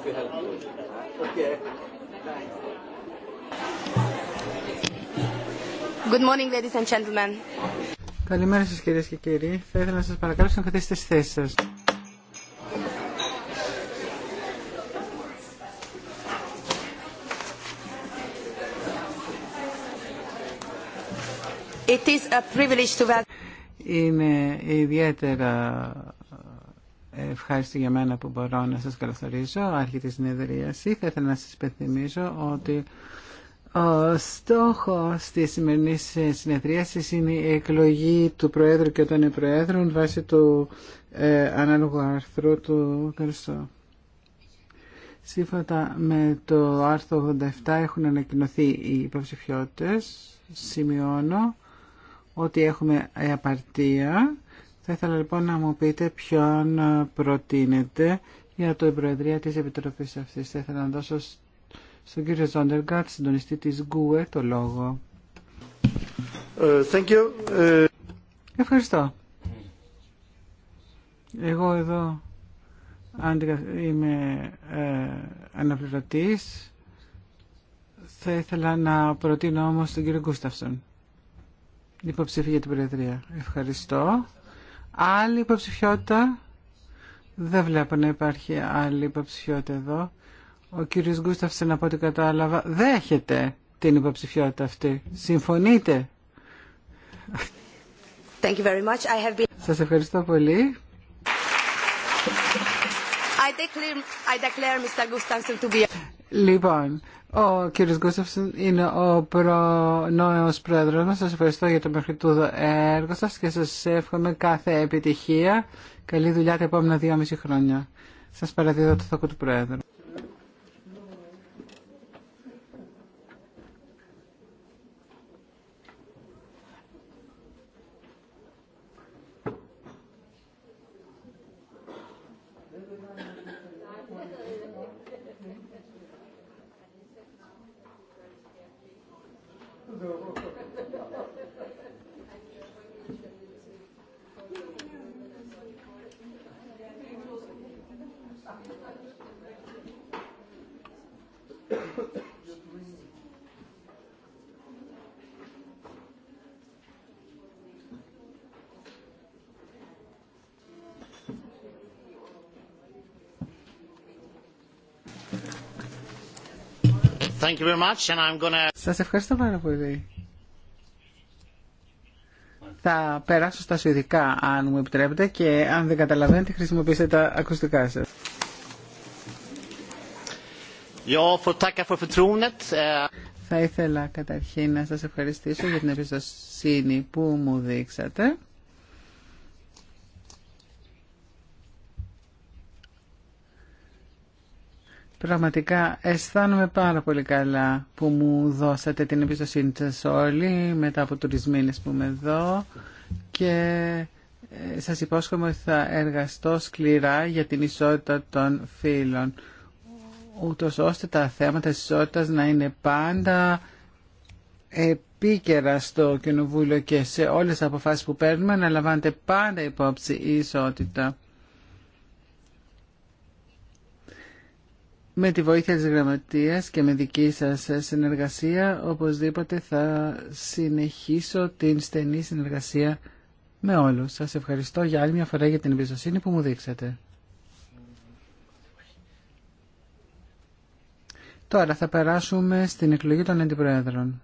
if you help me. Okay. Thanks. Good morning, ladies and gentlemen. Καλημέρα σας κυρίες και κύριοι. Θα ήθελα να σας παρακαλώ να καθίσετε στις θέσεις σας. It is a privilege to... Είναι ιδιαίτερα Ευχαριστώ για μένα που μπορώ να σας καλωσορίζω. Άρχη της συνεδρίαση. Θα ήθελα να σας υπενθυμίσω ότι ο στόχος της σημερινής συνεδρίασης είναι η εκλογή του Προέδρου και των Προέδρων βάσει του ε, ανάλογου άρθρου του Καρσό. Σύμφωνα με το άρθρο 87 έχουν ανακοινωθεί οι υποψηφιότητες. Σημειώνω ότι έχουμε απαρτία. Θα ήθελα λοιπόν να μου πείτε ποιον ε, προτείνετε για το Προεδρία της Επιτροπής αυτής. Θα ήθελα να δώσω στον κύριο Ζόντεργκάτ, συντονιστή της ΓΚΟΕ, το λόγο. Ε, ε, Ευχαριστώ. Εγώ εδώ είμαι ε, αναπληρωτής. Θα ήθελα να προτείνω όμως τον κύριο Γκούσταυσον, υποψήφι για την Προεδρία. Ευχαριστώ. Άλλη υποψηφιότητα. Δεν βλέπω να υπάρχει άλλη υποψηφιότητα εδώ. Ο κύριος να από ό,τι κατάλαβα, δέχεται την υποψηφιότητα αυτή. Συμφωνείτε. Thank you very much. I have been... Σας ευχαριστώ πολύ. I declare, I declare Mr. to be... Λοιπόν, ο κύριος Γκούσταυσον είναι ο προνόεος πρόεδρος μας. Σας ευχαριστώ για το μέχρι τούδο έργο σας και σας εύχομαι κάθε επιτυχία. Καλή δουλειά τα επόμενα δύο μισή χρόνια. Σας παραδίδω το θόκο του πρόεδρου. Σας ευχαριστώ πάρα πολύ. Θα περάσω στα σουηδικά αν μου επιτρέπετε και αν δεν καταλαβαίνετε χρησιμοποιήστε τα ακουστικά σας. Θα ήθελα καταρχήν να σας ευχαριστήσω για την εμπιστοσύνη που μου δείξατε. Πραγματικά αισθάνομαι πάρα πολύ καλά που μου δώσατε την εμπιστοσύνη σας όλοι μετά από τουρισμίνες μήνες που είμαι εδώ και ε, σας υπόσχομαι ότι θα εργαστώ σκληρά για την ισότητα των φίλων ούτως ώστε τα θέματα της ισότητας να είναι πάντα επίκαιρα στο Κοινοβούλιο και σε όλες τις αποφάσεις που παίρνουμε να λαμβάνετε πάντα υπόψη η ισότητα. Με τη βοήθεια της γραμματείας και με δική σας συνεργασία, οπωσδήποτε θα συνεχίσω την στενή συνεργασία με όλους. Σας ευχαριστώ για άλλη μια φορά για την εμπιστοσύνη που μου δείξατε. Τώρα θα περάσουμε στην εκλογή των αντιπρόεδρων.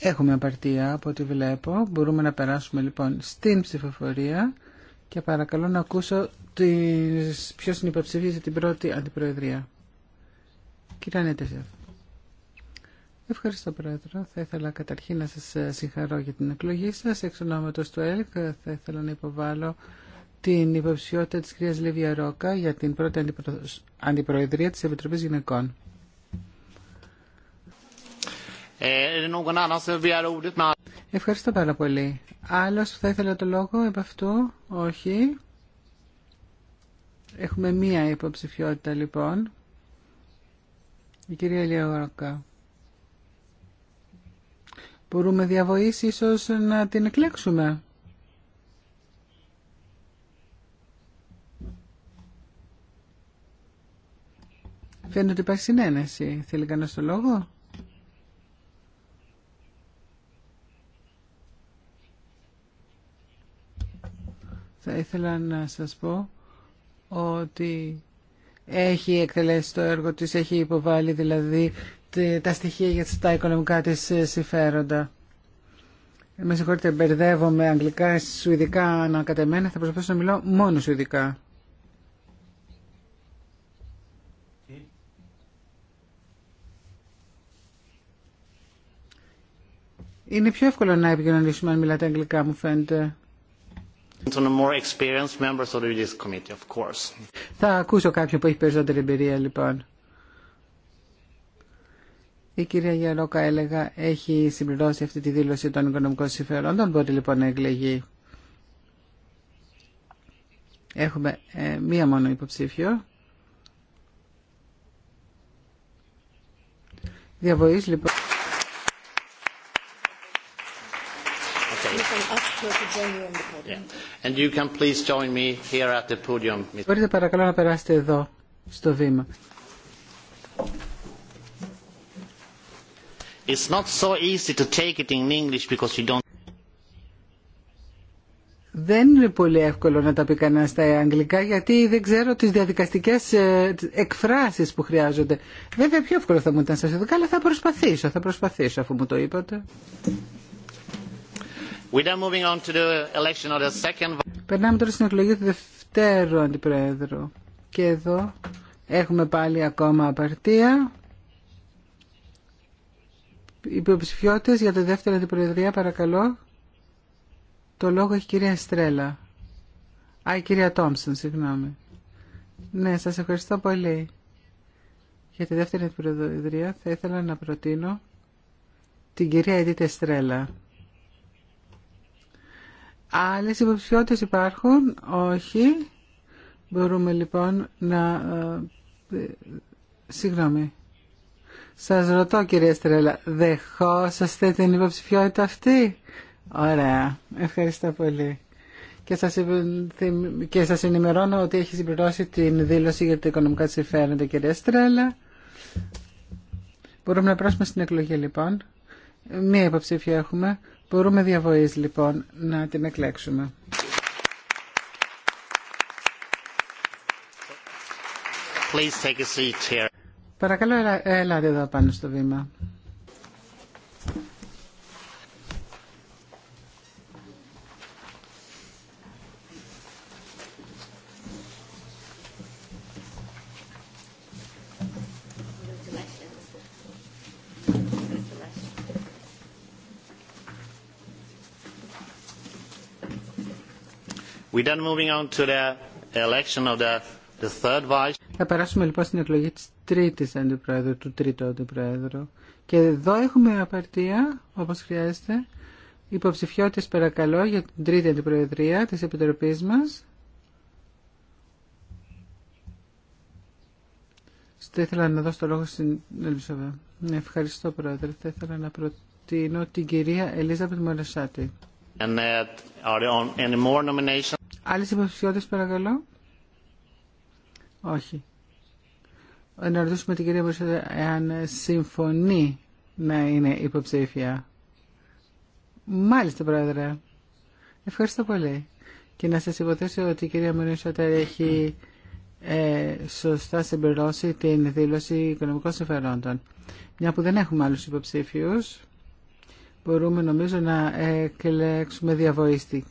Έχουμε απαρτία από ό,τι βλέπω. Μπορούμε να περάσουμε λοιπόν στην ψηφοφορία και παρακαλώ να ακούσω τις... ποιος είναι υποψηφίος για την πρώτη αντιπροεδρία. Κύριε Ανέτεζεφ. Ευχαριστώ Πρόεδρο. Θα ήθελα καταρχήν να σας ε, συγχαρώ για την εκλογή σας. Εξ ονόματος του ΕΛΚ ε, θα ήθελα να υποβάλω την υποψηφιότητα της κυρίας Λίβια Ρόκα για την πρώτη αντιπροεδρία της Επιτροπής Γυναικών. Ευχαριστώ πάρα πολύ. Άλλο που θα ήθελε το λόγο επ' αυτού, όχι. Έχουμε μία υποψηφιότητα λοιπόν. Η κυρία Λιαγορακά. Μπορούμε διαβοήσει ίσως να την εκλέξουμε. Φαίνεται ότι υπάρχει συνένεση. Θέλει κανένα το λόγο. θα ήθελα να σας πω ότι έχει εκτελέσει το έργο της, έχει υποβάλει δηλαδή τα στοιχεία για τα οικονομικά της συμφέροντα. Με συγχωρείτε, μπερδεύομαι αγγλικά, σουηδικά ανακατεμένα, θα προσπαθήσω να μιλώ μόνο σουηδικά. Είναι πιο εύκολο να επικοινωνήσουμε αν μιλάτε αγγλικά, μου φαίνεται. Θα ακούσω κάποιον που έχει περισσότερη εμπειρία λοιπόν. Η κυρία Γιαρόκα έλεγα έχει συμπληρώσει αυτή τη δήλωση των οικονομικών συμφερόντων, μπορεί λοιπόν να εκλεγεί. Έχουμε ε, μία μόνο υποψήφιο. Διαβοής λοιπόν. Μπορείτε παρακαλώ να περάσετε εδώ, στο βήμα. It's not so easy to take it in English because you don't... Δεν είναι πολύ εύκολο να τα πει κανένα στα αγγλικά γιατί δεν ξέρω τις διαδικαστικές ε, εκφράσεις που χρειάζονται. Βέβαια πιο εύκολο θα μου ήταν σας εδώ, αλλά θα προσπαθήσω, θα προσπαθήσω αφού μου το είπατε. Περνάμε τώρα στην εκλογή του δευτέρου αντιπρόεδρου. Και εδώ έχουμε πάλι ακόμα απαρτία. Οι υποψηφιώτε για τη δεύτερη αντιπροεδρία, παρακαλώ. Το λόγο έχει η κυρία Στρέλα. Α, η κυρία Τόμψον, συγγνώμη. Ναι, σας ευχαριστώ πολύ. Για τη δεύτερη αντιπροεδρία θα ήθελα να προτείνω την κυρία Εντίτε Στρέλα. Άλλες υποψηφιότητες υπάρχουν, όχι. Μπορούμε λοιπόν να... Ε, συγγνώμη. Σας ρωτώ κυρία Στρέλα, δεχόσαστε την υποψηφιότητα αυτή. Ωραία, ευχαριστώ πολύ. Και σας, και σας ενημερώνω ότι έχει συμπληρώσει την δήλωση για τα οικονομικά της συμφέροντα κυρία Στρέλα. Μπορούμε να πράσουμε στην εκλογή λοιπόν. Μία υποψήφια έχουμε. Μπορούμε διαβοής λοιπόν να την εκλέξουμε. Please take Παρακαλώ, ελάτε εδώ πάνω στο βήμα. Θα περάσουμε λοιπόν στην εκλογή της τρίτης αντιπρόεδρου, του τρίτου αντιπρόεδρου. Και εδώ έχουμε απαρτία, όπως χρειάζεται. Υποψηφιότητες παρακαλώ για την τρίτη αντιπροεδρία της Επιτροπής μας. Θα ήθελα να δώσω το λόγο στην Ελισσοβέ. Ευχαριστώ πρόεδρε. Θα ήθελα να προτείνω την κυρία Ελίζα nominations? Άλλες υποψηφιότητες παρακαλώ. Όχι. Να ρωτήσουμε την κυρία Μπορσέτα εάν συμφωνεί να είναι υποψήφια. Μάλιστα, πρόεδρε. Ευχαριστώ πολύ. Και να σας υποθέσω ότι η κυρία Μπορσέτα έχει ε, σωστά συμπληρώσει την δήλωση οικονομικών συμφερόντων. Μια που δεν έχουμε άλλους υποψήφιους, μπορούμε νομίζω να εκλέξουμε διαβοήστη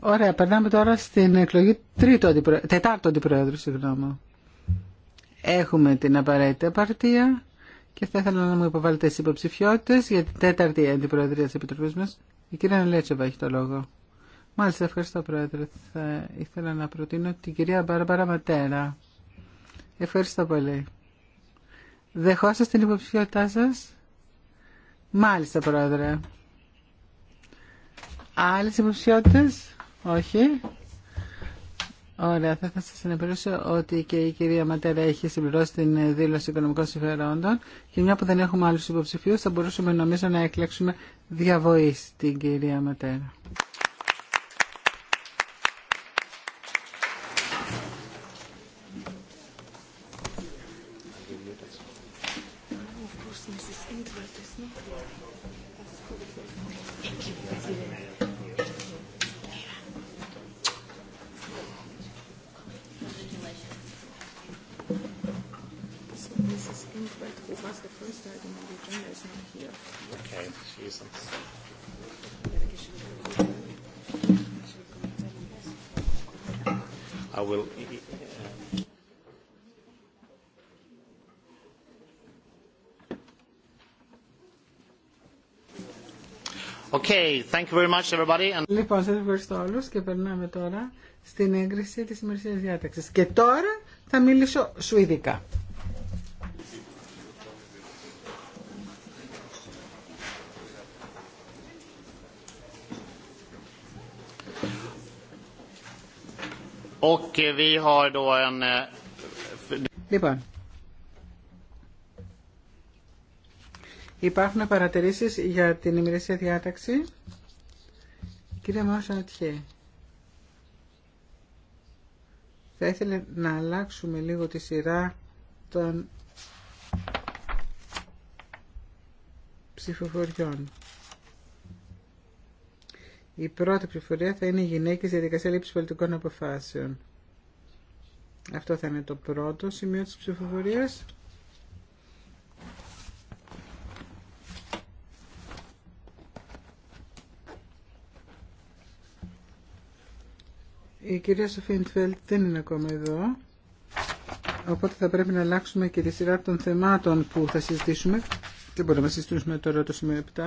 Ωραία, περνάμε τώρα στην εκλογή τετάρτου αντιπρόεδρου. Έχουμε την απαραίτητη απαρτία και θα ήθελα να μου υποβάλλετε τι υποψηφιότητε για την τέταρτη αντιπροεδρία τη Επιτροπή μα. Η κυρία Νελέτσεβα έχει το λόγο. Μάλιστα, ευχαριστώ, Πρόεδρε. Θα ήθελα να προτείνω την κυρία Μπάρμπαρα Ματέρα. Ευχαριστώ πολύ. Δεχόσαστε την υποψηφιότητά σα. Μάλιστα, Πρόεδρε. Άλλες υποψηφιότητες. Όχι. Ωραία, θα, να σας ενημερώσω ότι και η κυρία Ματέρα έχει συμπληρώσει την δήλωση οικονομικών συμφερόντων και μια που δεν έχουμε άλλους υποψηφίους θα μπορούσαμε νομίζω να εκλέξουμε διαβοή στην κυρία Ματέρα. Thank you very much everybody and... Λοιπόν, σα ευχαριστώ όλου και περνάμε τώρα στην έγκριση τη ημερησία διάταξη. Και τώρα θα μιλήσω σουηδικά. Okay, we have um, uh, Λοιπόν, υπάρχουν παρατηρήσεις για την ημερησία διάταξη. Κύριε θα ήθελα να αλλάξουμε λίγο τη σειρά των ψηφοφοριών. Η πρώτη ψηφοφορία θα είναι οι γυναίκες διαδικασία λήψης πολιτικών αποφάσεων. Αυτό θα είναι το πρώτο σημείο της ψηφοφορίας. Η κυρία Σοφίντφελτ δεν είναι ακόμα εδώ, οπότε θα πρέπει να αλλάξουμε και τη σειρά των θεμάτων που θα συζητήσουμε. Δεν μπορούμε να συζητήσουμε τώρα το σημείο 7.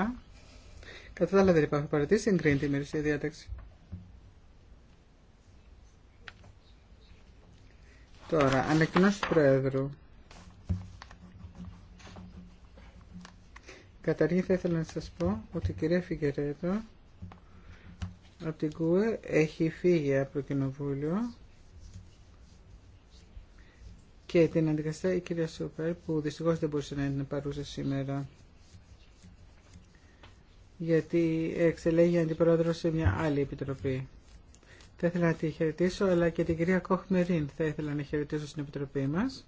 Κατά τα άλλα δεν υπάρχουν παρατηρήσει, εγκρίνει τη ημερησία διάταξη. Τώρα, ανακοινώσει του Προέδρου. Καταρχήν θα ήθελα να σας πω ότι η κυρία Φιγκερέτο από την ΚΟΕ έχει φύγει από το κοινοβούλιο και την αντικαστά η κυρία Σούπερ που δυστυχώς δεν μπορούσε να είναι παρούσα σήμερα γιατί εξελέγει αντιπρόεδρος σε μια άλλη επιτροπή. Θα ήθελα να τη χαιρετήσω, αλλά και την κυρία Κοχμερίν θα ήθελα να χαιρετήσω στην επιτροπή μας.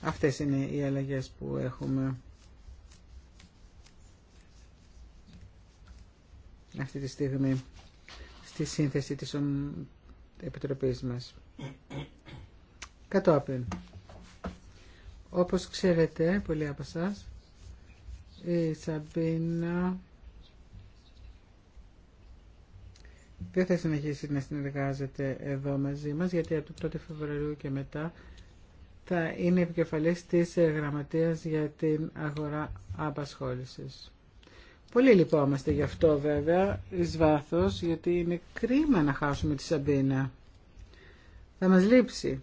Αυτές είναι οι αλλαγές που έχουμε. αυτή τη στιγμή στη σύνθεση της Επιτροπής μας. Κατόπιν, όπως ξέρετε πολλοί από εσά, η Σαμπίνα δεν θα συνεχίσει να συνεργάζεται εδώ μαζί μας, γιατί από το 1 Φεβρουαρίου και μετά θα είναι επικεφαλής της γραμματείας για την αγορά απασχόλησης. Πολύ λυπόμαστε γι' αυτό βέβαια, εις βάθος, γιατί είναι κρίμα να χάσουμε τη Σαμπίνα. Θα μας λείψει.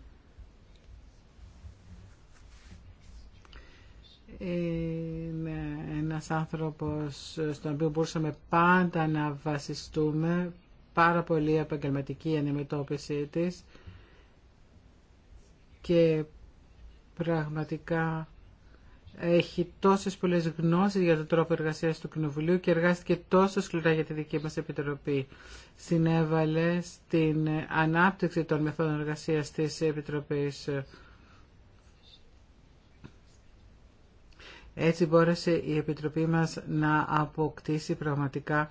Είναι ένας άνθρωπος στον οποίο μπορούσαμε πάντα να βασιστούμε, πάρα πολύ επαγγελματική αντιμετώπιση της και πραγματικά έχει τόσε πολλές γνώσεις για τον τρόπο εργασία του Κοινοβουλίου και εργάστηκε τόσο σκληρά για τη δική μα Επιτροπή. Συνέβαλε στην ανάπτυξη των μεθόδων εργασία τη επιτροπή. Έτσι μπόρεσε η Επιτροπή μας να αποκτήσει πραγματικά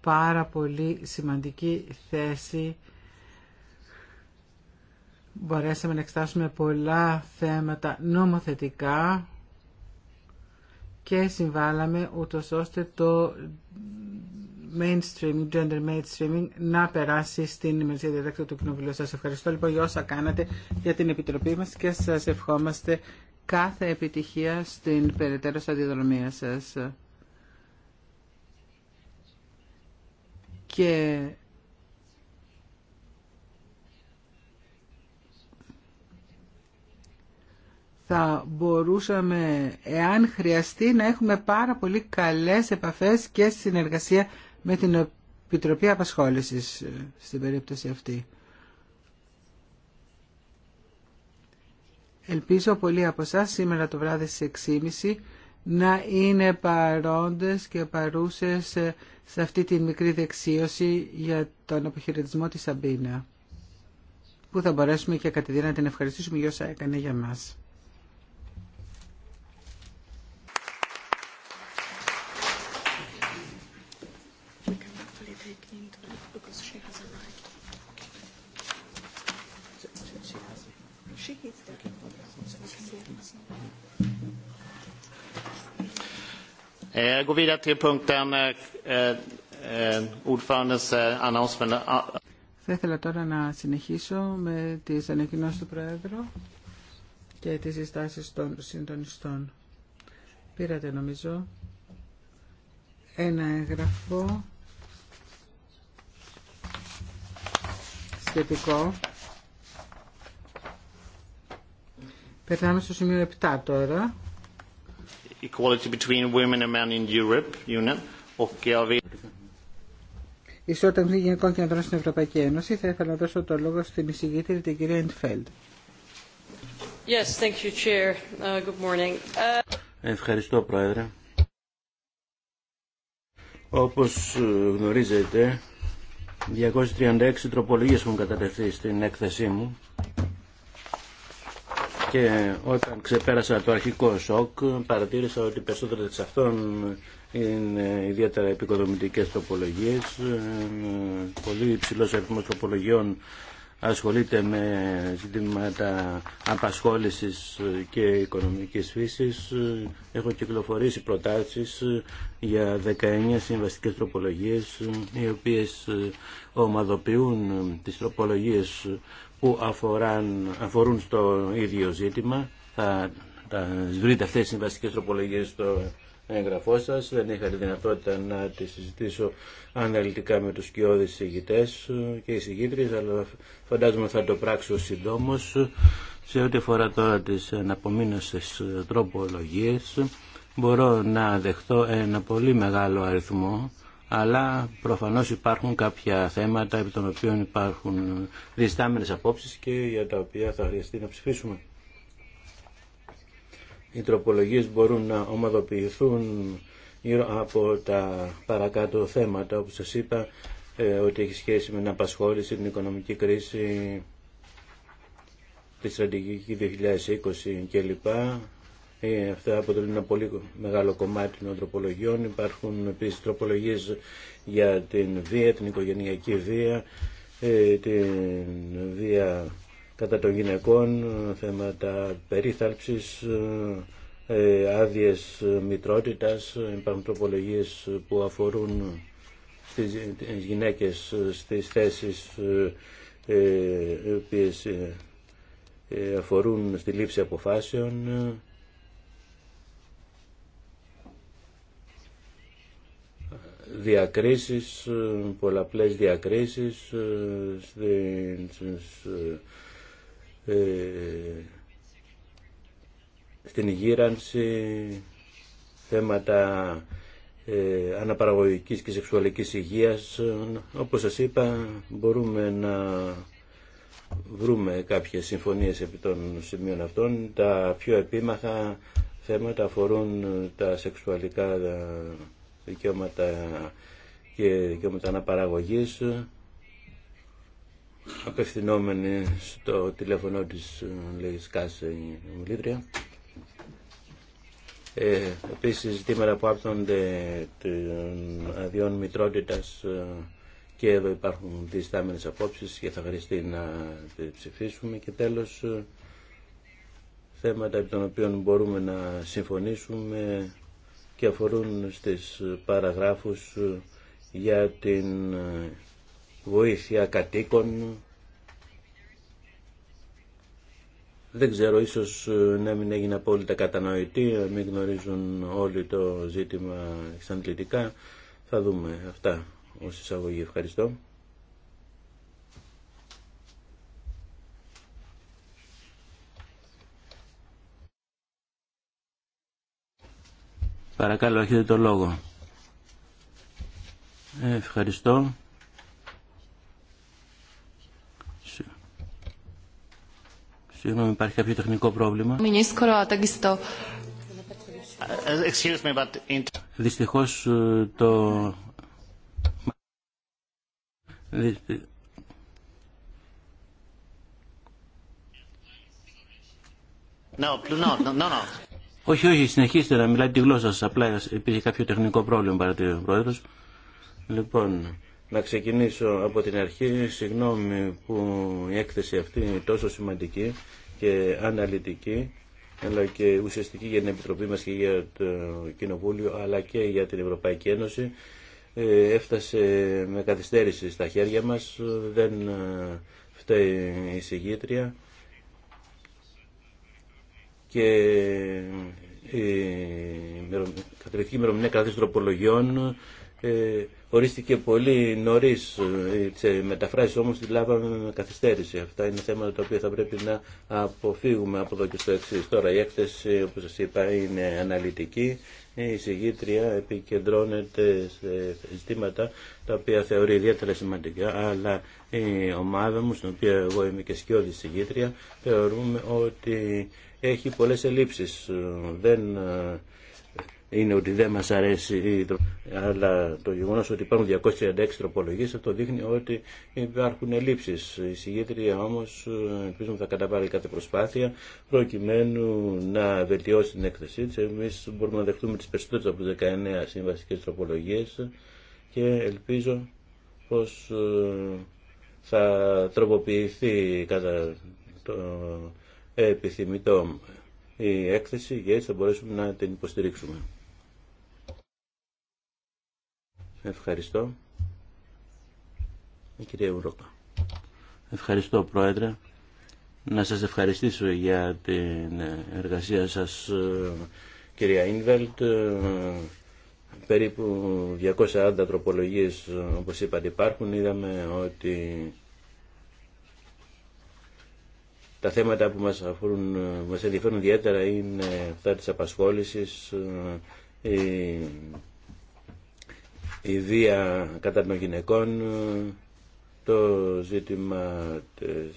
πάρα πολύ σημαντική θέση Μπορέσαμε να εξετάσουμε πολλά θέματα νομοθετικά και συμβάλαμε ούτω ώστε το gender mainstreaming να περάσει στην ημερησία διαδέκτου του Κοινοβουλίου. Σας ευχαριστώ λοιπόν για όσα κάνατε για την Επιτροπή μας και σας ευχόμαστε κάθε επιτυχία στην περαιτέρω σταδιοδρομία σας. Και θα μπορούσαμε, εάν χρειαστεί, να έχουμε πάρα πολύ καλές επαφές και συνεργασία με την Επιτροπή Απασχόλησης ε, στην περίπτωση αυτή. Ελπίζω πολύ από εσά σήμερα το βράδυ στις 6.30 να είναι παρόντες και παρούσες ε, σε αυτή τη μικρή δεξίωση για τον αποχαιρετισμό της Σαμπίνα που θα μπορέσουμε και κατηδία να την ευχαριστήσουμε για όσα έκανε για μας. Eh, eh, eh, Θα ήθελα τώρα να συνεχίσω με τις ανακοινώσεις του Πρόεδρου και τις συστάσεις των συντονιστών. Πήρατε νομίζω ένα εγγραφό σχετικό. Περνάμε στο σημείο 7 τώρα. Equality between women and men in Europe, Union, okay. Ισότητα των γυναικών και ανδρών στην Ευρωπαϊκή Ένωση. Θα ήθελα να δώσω το λόγο στην εισηγήτρια την κυρία Εντφέλντ. Yes, thank you, Chair. Uh, good morning. Uh, Ευχαριστώ, Πρόεδρε. Όπως ε, γνωρίζετε, 236 τροπολογίες έχουν κατατεθεί στην έκθεσή μου και όταν ξεπέρασα το αρχικό σοκ παρατήρησα ότι περισσότερες εξ αυτών είναι ιδιαίτερα επικοδομητικές τροπολογίες ε, πολύ υψηλός αριθμός τροπολογιών ασχολείται με ζητήματα απασχόλησης και οικονομικής φύσης. Έχω κυκλοφορήσει προτάσεις για 19 συμβαστικές τροπολογίες, οι οποίες ομαδοποιούν τις τροπολογίες που αφορούν στο ίδιο ζήτημα. Θα βρείτε αυτές τις συμβαστικές τροπολογίες στο έγγραφό σα. Δεν είχα τη δυνατότητα να τη συζητήσω αναλυτικά με τους κοιόδης ηγητές και εισηγήτριες, αλλά φαντάζομαι θα το πράξω συντόμω Σε ό,τι αφορά τώρα τις αναπομείνωσε τροπολογίες, μπορώ να δεχτώ ένα πολύ μεγάλο αριθμό αλλά προφανώς υπάρχουν κάποια θέματα επί των οποίων υπάρχουν διστάμενες απόψεις και για τα οποία θα χρειαστεί να ψηφίσουμε οι τροπολογίες μπορούν να ομαδοποιηθούν γύρω από τα παρακάτω θέματα, όπως σας είπα, ε, ότι έχει σχέση με την απασχόληση, την οικονομική κρίση, τη στρατηγική 2020 κλπ. Ε, αυτά αποτελούν ένα πολύ μεγάλο κομμάτι των τροπολογιών. Υπάρχουν επίσης τροπολογίες για την βία, την οικογενειακή βία, ε, την βία κατά των γυναικών, θέματα περίθαλψης, ε, άδειε μητρότητας, υπάρχουν που αφορούν στις γυναίκες στις θέσεις ε, οι οποίες ε, αφορούν στη λήψη αποφάσεων. διακρίσεις, πολλαπλές διακρίσεις στις ε, στην γύρανση, θέματα ε, αναπαραγωγικής και σεξουαλικής υγείας. Όπως σας είπα, μπορούμε να βρούμε κάποιες συμφωνίες επί των σημείων αυτών. Τα πιο επίμαχα θέματα αφορούν τα σεξουαλικά δικαιώματα και δικαιώματα αναπαραγωγής απευθυνόμενη στο τηλέφωνο της ε, Λέγης ε, η Μιλήτρια. Ε, επίσης ζητήματα που άπτονται των αδειών μητρότητας και εδώ υπάρχουν διστάμενες απόψεις και θα χρειαστεί να ψηφίσουμε και τέλος θέματα από των οποίων μπορούμε να συμφωνήσουμε και αφορούν στις παραγράφους για την βοήθεια κατοίκων Δεν ξέρω, ίσως ε, να μην έγινε απόλυτα κατανοητή, ε, μην γνωρίζουν όλοι το ζήτημα εξαντλητικά. Θα δούμε αυτά ως εισαγωγή. Ευχαριστώ. Παρακαλώ, έχετε το λόγο. Ε, ευχαριστώ. Συγγνώμη, υπάρχει κάποιο τεχνικό πρόβλημα. Δυστυχώς ε, το... Όχι, όχι, συνεχίστε να μιλάτε τη γλώσσα σας. Απλά υπήρχε κάποιο τεχνικό πρόβλημα, παρατηρεί ο Πρόεδρος. Λοιπόν, να ξεκινήσω από την αρχή. Συγγνώμη που η έκθεση αυτή είναι τόσο σημαντική και αναλυτική αλλά και ουσιαστική για την Επιτροπή μας και για το Κοινοβούλιο αλλά και για την Ευρωπαϊκή Ένωση ε, έφτασε με καθυστέρηση στα χέρια μας δεν ε, φταίει η συγγήτρια και ε, η κατρική ημερομηνία κατάσταση τροπολογιών ε, ορίστηκε πολύ νωρίς, ε, σε μεταφράσει όμως τη λάβαμε με καθυστέρηση. Αυτά είναι θέματα τα οποία θα πρέπει να αποφύγουμε από εδώ και στο εξή. Τώρα η έκθεση, όπως σα είπα, είναι αναλυτική. Η συγγήτρια επικεντρώνεται σε ζητήματα τα οποία θεωρεί ιδιαίτερα σημαντικά, αλλά η ομάδα μου, στην οποία εγώ είμαι και σκιώδη συγγήτρια, θεωρούμε ότι έχει πολλές ελλείψεις. Δεν είναι ότι δεν μας αρέσει αλλά το γεγονός ότι υπάρχουν 236 τροπολογίες αυτό δείχνει ότι υπάρχουν ελλείψεις. Η συγγήτρια όμως ε, ελπίζουμε θα καταβάλει κάθε προσπάθεια προκειμένου να βελτιώσει την έκθεσή της. Εμείς μπορούμε να δεχτούμε τις περισσότερες από 19 συμβασικές τροπολογίες και ελπίζω πως ε, θα τροποποιηθεί κατά το επιθυμητό η έκθεση και έτσι θα μπορέσουμε να την υποστηρίξουμε. Ευχαριστώ. Η κυρία Ευρώπα. Ευχαριστώ Πρόεδρε. Να σας ευχαριστήσω για την εργασία σας ε, κυρία Ίνβελτ. Ε, περίπου 240 τροπολογίες ε, όπως είπατε υπάρχουν. Είδαμε ότι τα θέματα που μας, αφορούν, μας ενδιαφέρουν ιδιαίτερα είναι αυτά της απασχόλησης, η βία κατά των γυναικών, το ζήτημα της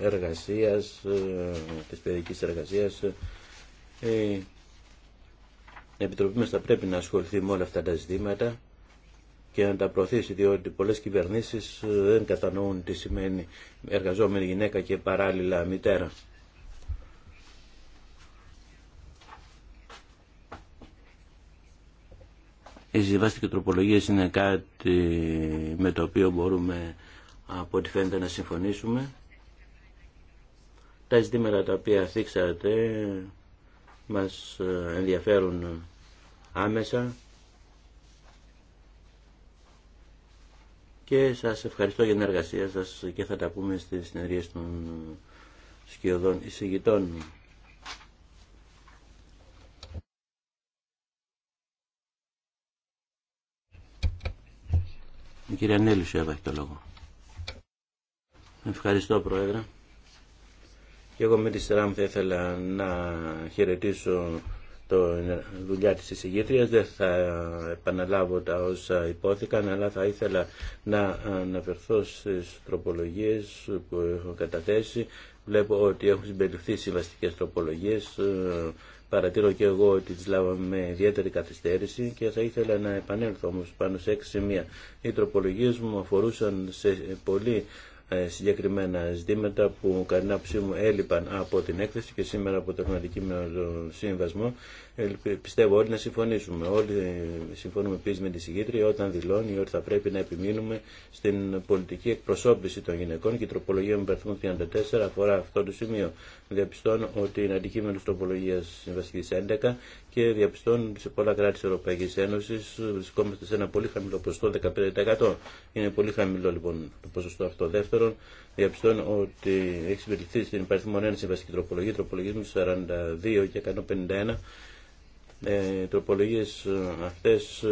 ε, εργασίας, ε, της παιδικής εργασίας. Η Επιτροπή μας θα πρέπει να ασχοληθεί με όλα αυτά τα ζητήματα και να τα προωθήσει, διότι πολλές κυβερνήσεις ε, δεν κατανοούν τι σημαίνει εργαζόμενη γυναίκα και παράλληλα μητέρα. Οι συμβαστικές τροπολογίες είναι κάτι με το οποίο μπορούμε από ό,τι φαίνεται να συμφωνήσουμε. Τα ζητήματα τα οποία θίξατε μας ενδιαφέρουν άμεσα και σας ευχαριστώ για την εργασία σας και θα τα πούμε στις συνεργίες των σκιωδών εισηγητών. Η κυρία Νέλη Σουέβα έχει το λόγο. Ευχαριστώ Πρόεδρε. εγώ με τη σειρά μου θα ήθελα να χαιρετήσω το ε, δουλειά της εισηγήτριας. Δεν θα επαναλάβω τα όσα υπόθηκαν, αλλά θα ήθελα να αναφερθώ στις τροπολογίες που έχω καταθέσει. Βλέπω ότι έχουν συμπεριληφθεί συμβαστικές τροπολογίες. Ε, Παρατήρω και εγώ ότι τις λάβαμε με ιδιαίτερη καθυστέρηση και θα ήθελα να επανέλθω όμως πάνω σε έξι σημεία. Οι τροπολογίες μου αφορούσαν σε πολύ ε, συγκεκριμένα ζητήματα που κατά την μου έλειπαν από την έκθεση και σήμερα από το του σύμβασμό πιστεύω όλοι να συμφωνήσουμε. Όλοι συμφωνούμε επίση με τη συγκήτρια όταν δηλώνει ότι θα πρέπει να επιμείνουμε στην πολιτική εκπροσώπηση των γυναικών και η τροπολογία με παρθμό 34 αφορά αυτό το σημείο. Διαπιστώνω ότι είναι αντικείμενο τροπολογία συμβαστική 11 και διαπιστώνω ότι σε πολλά κράτη τη Ευρωπαϊκή Ένωση βρισκόμαστε σε ένα πολύ χαμηλό ποσοστό, 15%. Είναι πολύ χαμηλό λοιπόν το ποσοστό αυτό. Δεύτερον, διαπιστώνω ότι έχει συμπεριληφθεί στην υπαριθμό 1 βασική τροπολογία, τροπολογία 42 και 151 οι ε, τροπολογίες ε, αυτές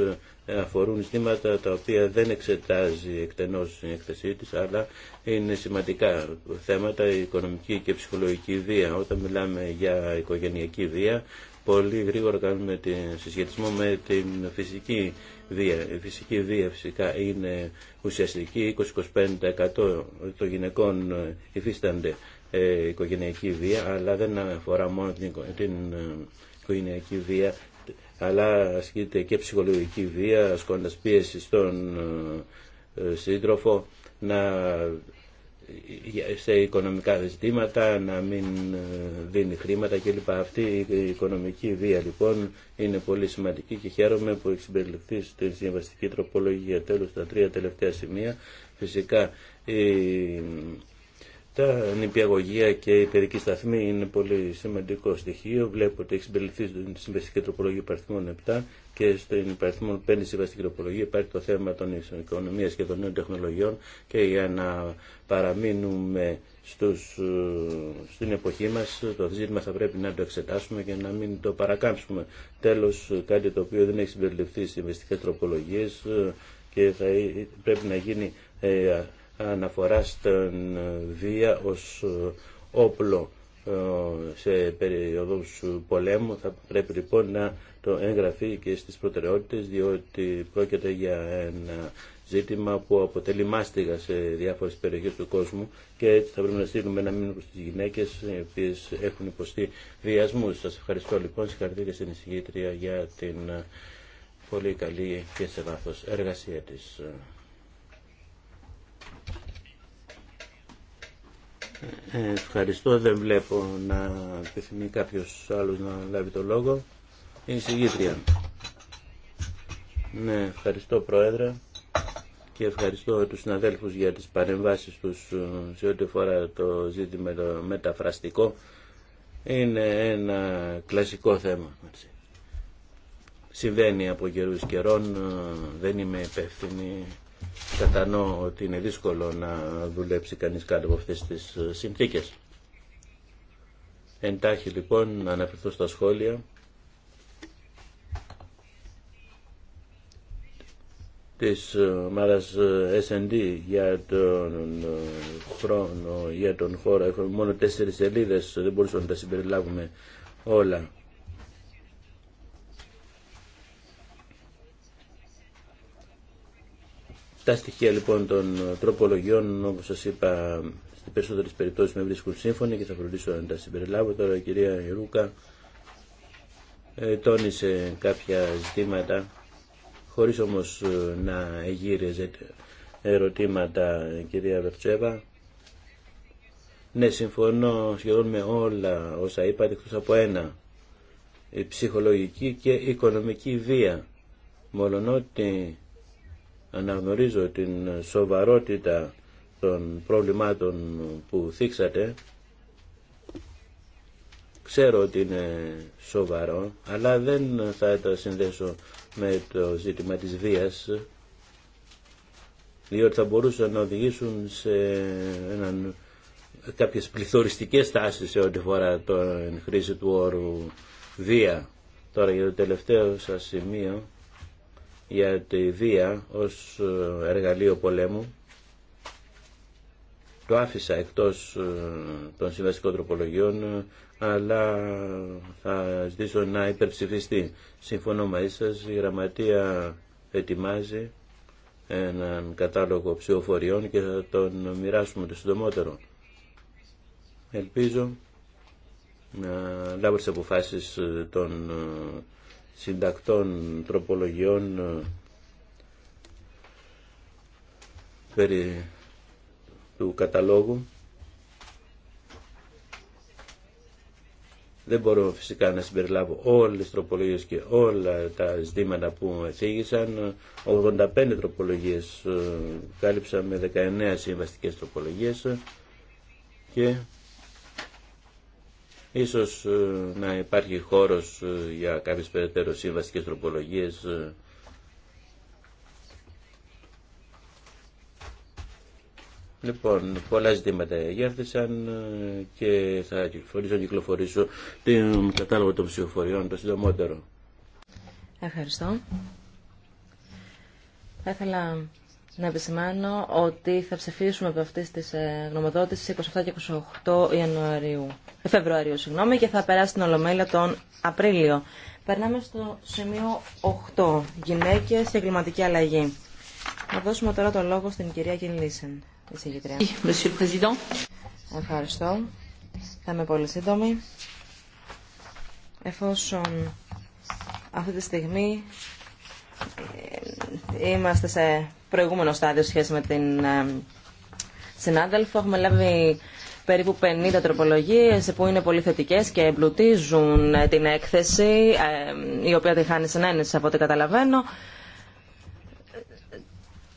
ε, αφορούν ζητήματα τα οποία δεν εξετάζει εκτενώς η έκθεσή της, αλλά είναι σημαντικά θέματα η οικονομική και ψυχολογική βία. Όταν μιλάμε για οικογενειακή βία, πολύ γρήγορα κάνουμε τη συσχετισμό με την φυσική βία. Η φυσική βία φυσικά είναι ουσιαστική, 20-25% των γυναικών υφίστανται οικογενειακή βία, αλλά δεν αφορά μόνο την οικογενειακή βία, αλλά ασκείται και ψυχολογική βία, ασκώντας πίεση στον ε, σύντροφο, να ε, σε οικονομικά ζητήματα, να μην ε, δίνει χρήματα κλπ. Αυτή η οικονομική βία λοιπόν είναι πολύ σημαντική και χαίρομαι που έχει συμπεριληφθεί στην συμβαστική τροπολογία. Τέλος, τα τρία τελευταία σημεία. Φυσικά η τα νηπιαγωγεία και η παιδική σταθμή είναι πολύ σημαντικό στοιχείο. Βλέπω ότι έχει συμπεριληφθεί στην συμβαστική τροπολογία υπαριθμών 7 και στην υπαριθμών 5 συμβαστική τροπολογία υπάρχει το θέμα των οικονομία και των νέων τεχνολογιών και για να παραμείνουμε στους, στην εποχή μα. το ζήτημα θα πρέπει να το εξετάσουμε και να μην το παρακάμψουμε. τέλο κάτι το οποίο δεν έχει συμπεριληφθεί στι συμβαστικέ τροπολογίε και θα ε, πρέπει να γίνει ε, αναφορά στην βία ως ε, όπλο ε, σε περίοδους πολέμου θα πρέπει λοιπόν να το εγγραφεί και στις προτεραιότητες διότι πρόκειται για ένα ζήτημα που αποτελεί μάστιγα σε διάφορες περιοχές του κόσμου και έτσι θα πρέπει να στείλουμε ένα μήνυμα προς τις γυναίκες οι οποίες έχουν υποστεί βιασμού. Σας ευχαριστώ λοιπόν, συγχαρητήρια στην εισηγήτρια για την ε, πολύ καλή και σε βάθος εργασία της. Ε, ευχαριστώ. Δεν βλέπω να επιθυμεί κάποιος άλλος να λάβει το λόγο. Είναι η συγγήτρια. Ναι, ευχαριστώ Πρόεδρε και ευχαριστώ τους συναδέλφους για τις παρεμβάσεις τους ε, σε ό,τι φορά το ζήτημα το μεταφραστικό. Είναι ένα κλασικό θέμα. Συμβαίνει από καιρούς καιρών, ε, δεν είμαι υπεύθυνη κατανοώ ότι είναι δύσκολο να δουλέψει κανείς κάτω από αυτές τις ε, συνθήκες. Εντάχει λοιπόν να αναφερθώ στα σχόλια. της ομάδας ε, ε, S&D για τον χρόνο, για τον χώρο. Έχουμε μόνο τέσσερις σελίδες, δεν μπορούσαμε να τα συμπεριλάβουμε όλα. Τα στοιχεία λοιπόν των τροπολογιών, όπως σας είπα, στι περισσότερε περιπτώσει με βρίσκουν σύμφωνοι και θα φροντίσω να τα συμπεριλάβω. Τώρα η κυρία Ιρούκα ε, τόνισε κάποια ζητήματα, χωρίς όμως ε, να εγείρεζε ερωτήματα η κυρία Βερτσέβα. Ναι, συμφωνώ σχεδόν με όλα όσα είπατε, εκτός από ένα. Η ψυχολογική και οικονομική βία. Μόλον ότι αναγνωρίζω την σοβαρότητα των προβλημάτων που θίξατε. Ξέρω ότι είναι σοβαρό, αλλά δεν θα τα συνδέσω με το ζήτημα της βίας, διότι θα μπορούσαν να οδηγήσουν σε έναν, κάποιες πληθωριστικές τάσεις σε ό,τι φορά την χρήση του όρου βία. Τώρα για το τελευταίο σας σημείο για τη βία ως ε, εργαλείο πολέμου. Το άφησα εκτός ε, των συμβαστικών τροπολογιών, ε, αλλά θα ζητήσω να υπερψηφιστεί. Συμφωνώ μαζί σας, η Γραμματεία ετοιμάζει έναν κατάλογο ψηφοφοριών και θα τον μοιράσουμε το συντομότερο. Ελπίζω να λάβω τις αποφάσεις των συντακτών τροπολογιών ε, περί του καταλόγου. Δεν μπορώ φυσικά να συμπεριλάβω όλες τις τροπολογίες και όλα τα ζητήματα που εθίγησαν. 85 τροπολογίες ε, κάλυψα με 19 συμβαστικές τροπολογίες και Ίσως ε, να υπάρχει χώρος ε, για κάποιες περαιτέρω συμβαστικές τροπολογίες ε. Λοιπόν, πολλά ζητήματα γέρθησαν και θα κυκλοφορήσω, κυκλοφορήσω την κατάλογο των ψηφοφοριών το συντομότερο. Ευχαριστώ. Θα ήθελα να επισημάνω ότι θα ψηφίσουμε από αυτή τη ε, γνωμοδότηση 27 και 28 Ιανουαρίου, ε, Φεβρουαρίου συγγνώμη, και θα περάσει την Ολομέλεια τον Απρίλιο. Περνάμε στο σημείο 8. γυναίκες και εγκληματική αλλαγή. Να δώσουμε τώρα το λόγο στην κυρία Κινλίσεν, εισηγητρία. Ευχαριστώ. Θα είμαι πολύ σύντομη. Εφόσον αυτή τη στιγμή είμαστε σε προηγούμενο στάδιο σχέση με την ε, συνάδελφο. Έχουμε λάβει περίπου 50 τροπολογίες που είναι πολύ θετικέ και εμπλουτίζουν ε, την έκθεση, ε, η οποία τη χάνει συνένεση από ό,τι καταλαβαίνω.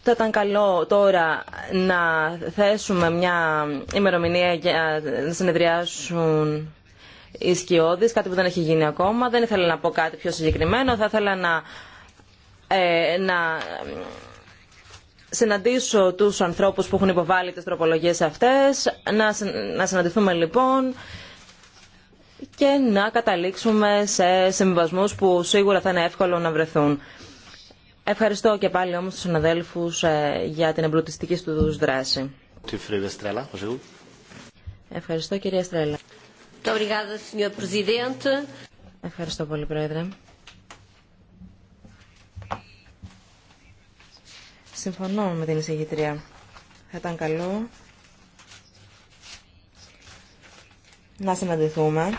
Θα ήταν καλό τώρα να θέσουμε μια ημερομηνία για να συνεδριάσουν οι σκιώδεις, κάτι που δεν έχει γίνει ακόμα. Δεν ήθελα να πω κάτι πιο συγκεκριμένο, θα ήθελα να ε, να συναντήσω τους ανθρώπους που έχουν υποβάλει τις τροπολογίες αυτές, να συναντηθούμε λοιπόν και να καταλήξουμε σε συμβασμούς που σίγουρα θα είναι εύκολο να βρεθούν. Ευχαριστώ και πάλι όμως τους συναδέλφους ε, για την εμπλουτιστική του δράση. Ευχαριστώ κυρία Στρέλα. Ευχαριστώ πολύ πρόεδρε. Συμφωνώ με την εισηγητρία. Θα ήταν καλό να συναντηθούμε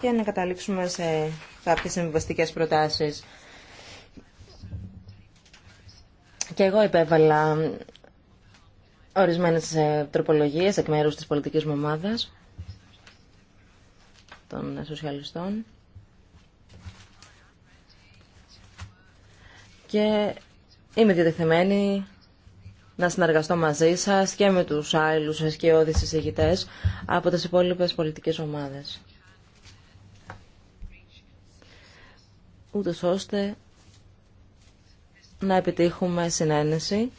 και να καταλήξουμε σε κάποιες συμβαστικέ προτάσεις. Και εγώ υπέβαλα ορισμένες ε, τροπολογίες εκ μέρους της πολιτικής μου ομάδας των σοσιαλιστών. και είμαι διατεθειμένη να συνεργαστώ μαζί σας και με τους άλλους αισκαιώδεις εισηγητές από τις υπόλοιπες πολιτικές ομάδες. Ούτως ώστε να επιτύχουμε συνένεση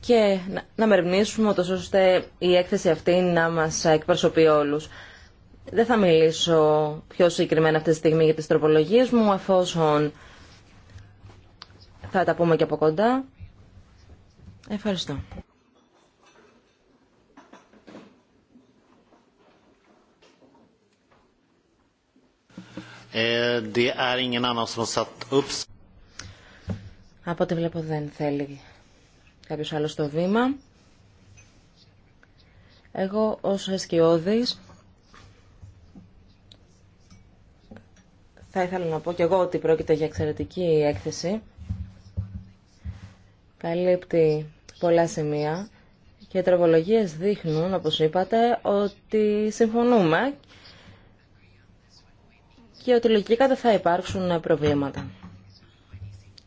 και να μεριμνήσουμε ώστε η έκθεση αυτή να μας εκπροσωπεί όλους. Δεν θα μιλήσω πιο συγκεκριμένα αυτή τη στιγμή για τις τροπολογίες μου, αφόσον θα τα πούμε και από κοντά. Ευχαριστώ. Ε, από ό,τι βλέπω δεν θέλει κάποιος άλλος το βήμα. Εγώ ως εσκιώδης Θα ήθελα να πω και εγώ ότι πρόκειται για εξαιρετική έκθεση. Καλύπτει πολλά σημεία και οι τροπολογίες δείχνουν, όπως είπατε, ότι συμφωνούμε και ότι λογικά δεν θα υπάρξουν προβλήματα.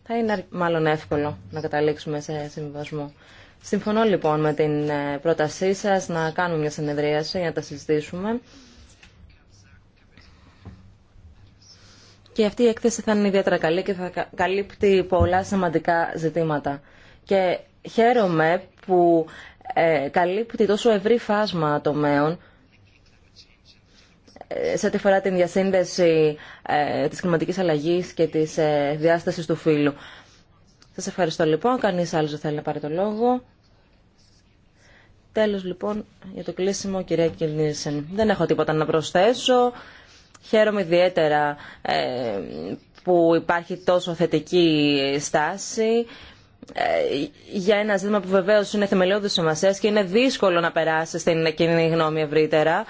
Θα είναι μάλλον εύκολο να καταλήξουμε σε συμβιβασμό. Συμφωνώ λοιπόν με την ε, πρότασή σας να κάνουμε μια συνεδρίαση για να τα συζητήσουμε. Και αυτή η έκθεση θα είναι ιδιαίτερα καλή και θα καλύπτει πολλά σημαντικά ζητήματα. Και χαίρομαι που ε, καλύπτει τόσο ευρύ φάσμα τομέων ε, σε ό,τι φορά την διασύνδεση ε, της κλιματικής αλλαγής και της διάστασης του φύλου. Σας ευχαριστώ λοιπόν. Κανείς άλλος δεν θέλει να πάρει το λόγο. Τέλος λοιπόν για το κλείσιμο κυρία Κιλνίσεν. Δεν έχω τίποτα να προσθέσω. Χαίρομαι ιδιαίτερα ε, που υπάρχει τόσο θετική στάση ε, για ένα ζήτημα που βεβαίως είναι θεμελιώδης σημασίας και είναι δύσκολο να περάσει στην κοινή γνώμη ευρύτερα.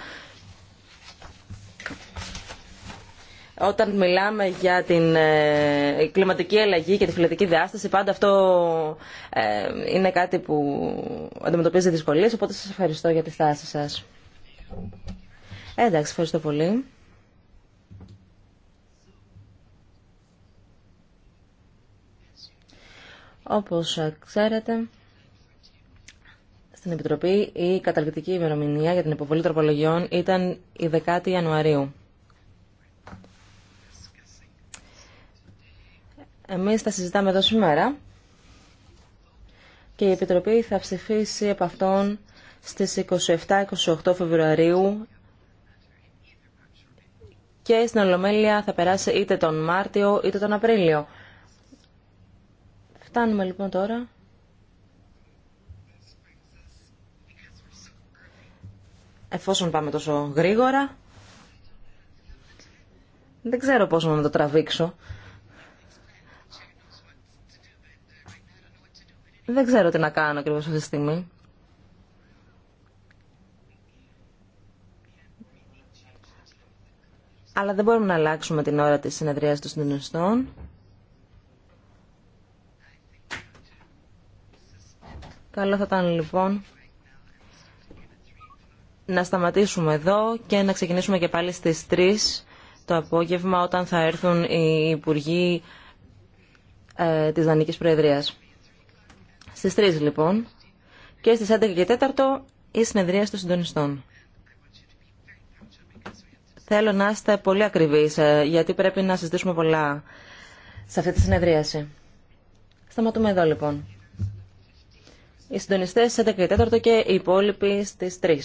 Όταν μιλάμε για την ε, κλιματική αλλαγή και τη φυλετική διάσταση, πάντα αυτό είναι κάτι που αντιμετωπίζει δυσκολίες, οπότε σας ευχαριστώ για τη στάση σας. Εντάξει, ευχαριστώ πολύ. Όπως ξέρετε, στην Επιτροπή η καταληκτική ημερομηνία για την υποβολή τροπολογιών ήταν η 10η Ιανουαρίου. Εμείς θα συζητάμε εδώ σήμερα και η Επιτροπή θα ψηφίσει από αυτόν στις 27-28 Φεβρουαρίου και στην Ολομέλεια θα περάσει είτε τον Μάρτιο είτε τον Απρίλιο. Φτάνουμε λοιπόν τώρα εφόσον πάμε τόσο γρήγορα δεν ξέρω πώς να το τραβήξω δεν ξέρω τι να κάνω ακριβώς αυτή τη στιγμή αλλά δεν μπορούμε να αλλάξουμε την ώρα της συνεδρίας των συντονιστών Καλό θα ήταν λοιπόν να σταματήσουμε εδώ και να ξεκινήσουμε και πάλι στις 3 το απόγευμα όταν θα έρθουν οι Υπουργοί ε, της Δανικής Προεδρίας. Στις 3 λοιπόν και στις 11 και 4 η συνεδρία των συντονιστών. Θέλω να είστε πολύ ακριβείς ε, γιατί πρέπει να συζητήσουμε πολλά σε αυτή τη συνεδρίαση. Σταματούμε εδώ λοιπόν. Οι συντονιστές στις 11 και 4 και οι υπόλοιποι στις 3.